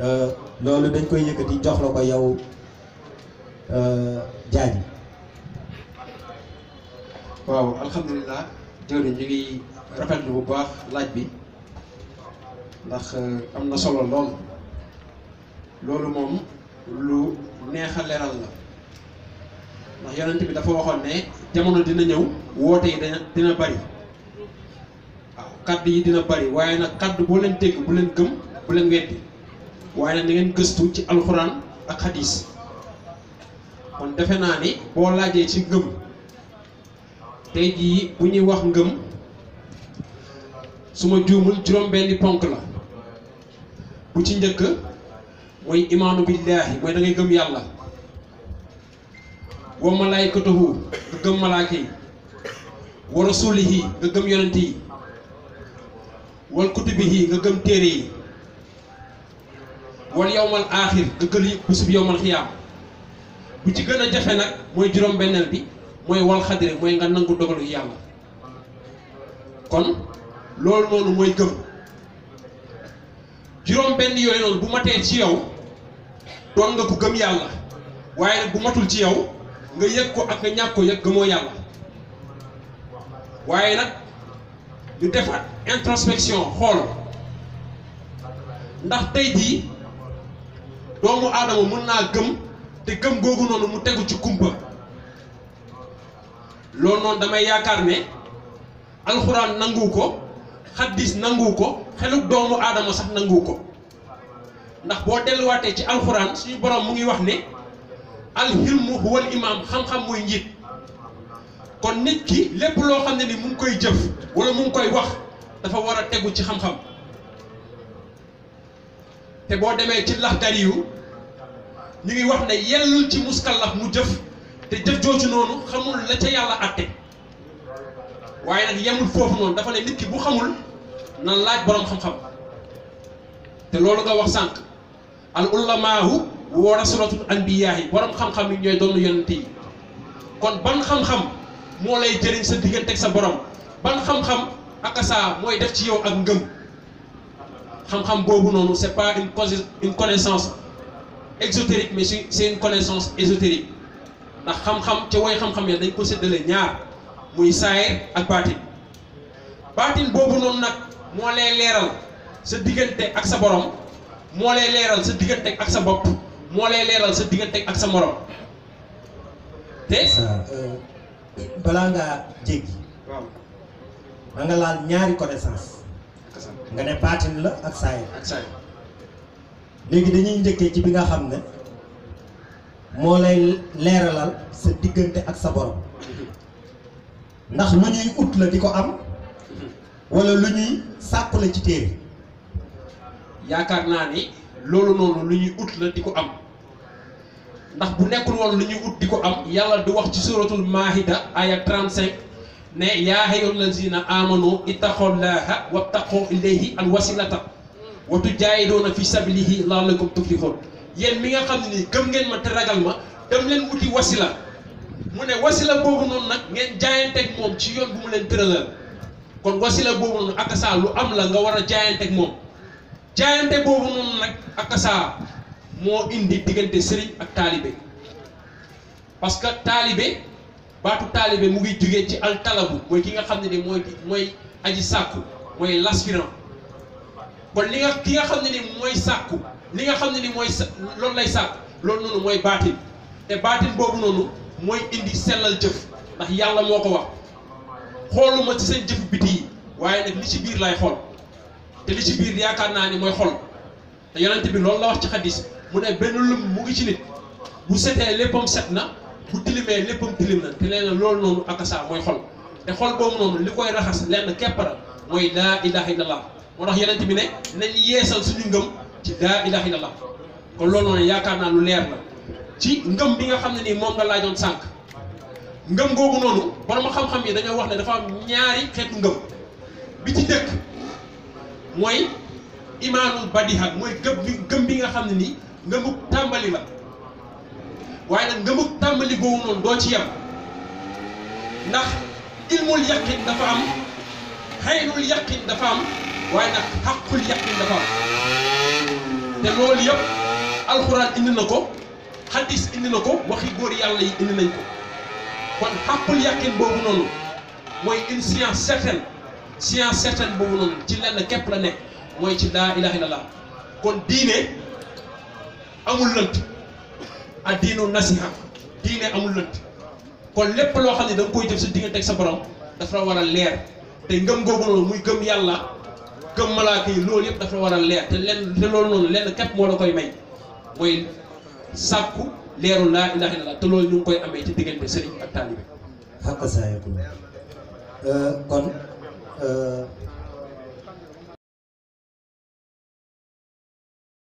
Euh, loolu dañ koy yëkkati jox la ko yow jaaji euh, waaw alhamdulilah jërëjëf ñu ngi rafetlu bu baax laaj bi ndax euh, am na solo lool loolu moom lu neex a la ndax yonent bi dafa waxoon ne jamono dina ñëw woote yi dina dina bari waaw kaddu yi dina bari waaye nag kaddu boo leen dégg bu leen gëm bu leen weddi waaye nag da ngeen gëstu ci alxuraan ak xadiis kon defe naa ni boo laajee ci ngëm tey jii bu ñuy wax ngëm suma ma juumul juróom-benni ponk la bu ci njëkk mooy imaanu billaahi mooy da ngay gëm yàlla wa malaykatahu nga gëm malaaka yi wa rasulihi nga gëm yonent yi wal kutubihi nga gëm téere yi wal akhir aaxir dëggal bésub yowmal xiyaam bu ci gën a jafe nag bi moy wal xadire moy nga nangu dogalu yàlla kon loolu noonu mooy gëm juróom-benn yooyu noonu bu matee ci yow doon nga ko gëm yàlla waaye nag bu matul ci yow nga yëg ko ak nga ñàkk ko ñu introspection xool ndax tey doomu aadama mun naa gëm te gëm googu noonu mu tegu ci kumpa loolu noonu damay yaakaar ne alxuraan nangu ko xaddis nangu ko xelu doomu aadama sax nangu ko ndax boo delluwaatee ci alxuraan suñu borom mu ngi wax ne alxilmu huwal imaam xam-xam muy njiit kon nit ki lépp loo xam ne ni mu ngi koy jëf wala mu ngi koy wax dafa war a tegu ci xam-xam. te boo demee ci laxdariyu ñu ngi wax ne yellul ci muskallaf mu jëf te jëf jooju noonu xamul la ca yàlla atte waaye nag yemul foofu noonu dafa ne nit ki bu xamul na laaj boroom xam-xam te loolu nga wax sànq al woo warasulatul anbiyaahi boroom xam-xam yi ñooy doonu yonent yi kon ban xam-xam moo lay jëriñ sa diggante sa borom ban xam-xam ak mooy def ci yow ak ngëm xam-xam boobu noonu c'est pas une une connaissance exotérique mais c'est une connaissance ésotérique ndax xam-xam ca woy xam-xam ya dañ ko séddale ñaar muy saayir ak baatin baatin boobu noonu nag moo lay leeral sa diggante ak sa borom moo lay leeral sa diggante ak sa bopp moo lay leeral sa diggante ak sa morom te euh, balaa ngaa jéggi waaw da nga laal ñaari connaissance nga ne baatin la ak saayir ak léegi dañuy njëkkee ci bi nga xam ne moo lay leeralal sa diggante ak sa borom ndax lu ñuy ut la di ko am wala lu ñuy sàpp la ci téere yaakaar naa ni loolu noonu lu ñuy ut la di ko am ndax bu nekkul woon lu ñuy ut di ko am yàlla di wax ci suratul maahida aya 35 ne yaa ayyuhal lazina amanu ittaqullaha wattaqu ilayhi al wasilata mm. wa tujaahiduuna fi sabilihi la'allakum tuflihun yéen mi nga xam ni gëm ngeen ma te ragal ma dem leen wuti wasila mu ne wasila boobu noonu nag ngeen jaayanteeg moom ci yoon bu mu leen tëralal kon wasila boobu noonu ak saa lu am la nga war a jaayanteeg moom jaayante boobu noonu nag ak moo indi diggante sëriñ ak taalibe parce que taalibe. baatu taalibe mu ngi jugee ci al talabu mooy ki nga xam ne ni mooy mooy aji sàkku mooy l'aspirant kon li nga ki nga xam ne ni mooy sàkku li nga xam ne ni mooy loolu lay sàkku loolu noonu mooy baatin te baatin boobu noonu mooy indi sellal jëf ndax yàlla moo ko wax xooluma ci seen jëf biti yi waaye nag li ci biir lay xool te li ci biir yaakaar naa ni mooy xol te yonent bi loolu la wax ci xadis mu ne benn lum mu ngi ci nit bu setee léppam set na bu tilimee léppam tilim na te nee na loolu noonu akasa mooy xol te xol boobu noonu li koy raxas lenn képp la mooy laa ilaha illallah moo tax yeneen bi ne nañ yéesal suñu ngëm ci laa ilaha illallah kon loolu noonu yaakaar naa lu leer la ci ngëm bi nga xam ne nii moom nga laajoon sànq ngëm googu noonu borom xam-xam yi dañoo wax ne dafa am ñaari xeetu ngëm bi ci dëkk mooy imaanul badiha mooy gëm bi ngëm bi nga xam ne nii ngëmu tàmbali la. waaye nag ngëmug tàmbali googu noonu doo ci yem ndax ilmul yaqin dafa am xaynul yaqin dafa am waaye nag xaqul te loolu yëpp alxuraan indi na ko xadis indi na ko waxi góor yàlla yi indi nañ ko kon xaqul yaqin boobu noonu mooy une science certaine science certaine boobu noonu ci lenn képp la nekk mooy ci laa ilaha illallah kon diine amul lënt addiinu nasiha diine amul lënt kon lépp loo xam ne da nga koy jëf sa diggante ak sa borom dafa war a leer te ngëm googu noonu muy gëm yàlla gëm malaaka yi loolu yëpp dafa war a leer te lenn te lenn képp moo la koy may mooy sàkku leeru laa ilaha illallah te loolu ñu ngi koy amee ci diggante sëriñ ak taalibe. xàq saa euh, kon. Euh,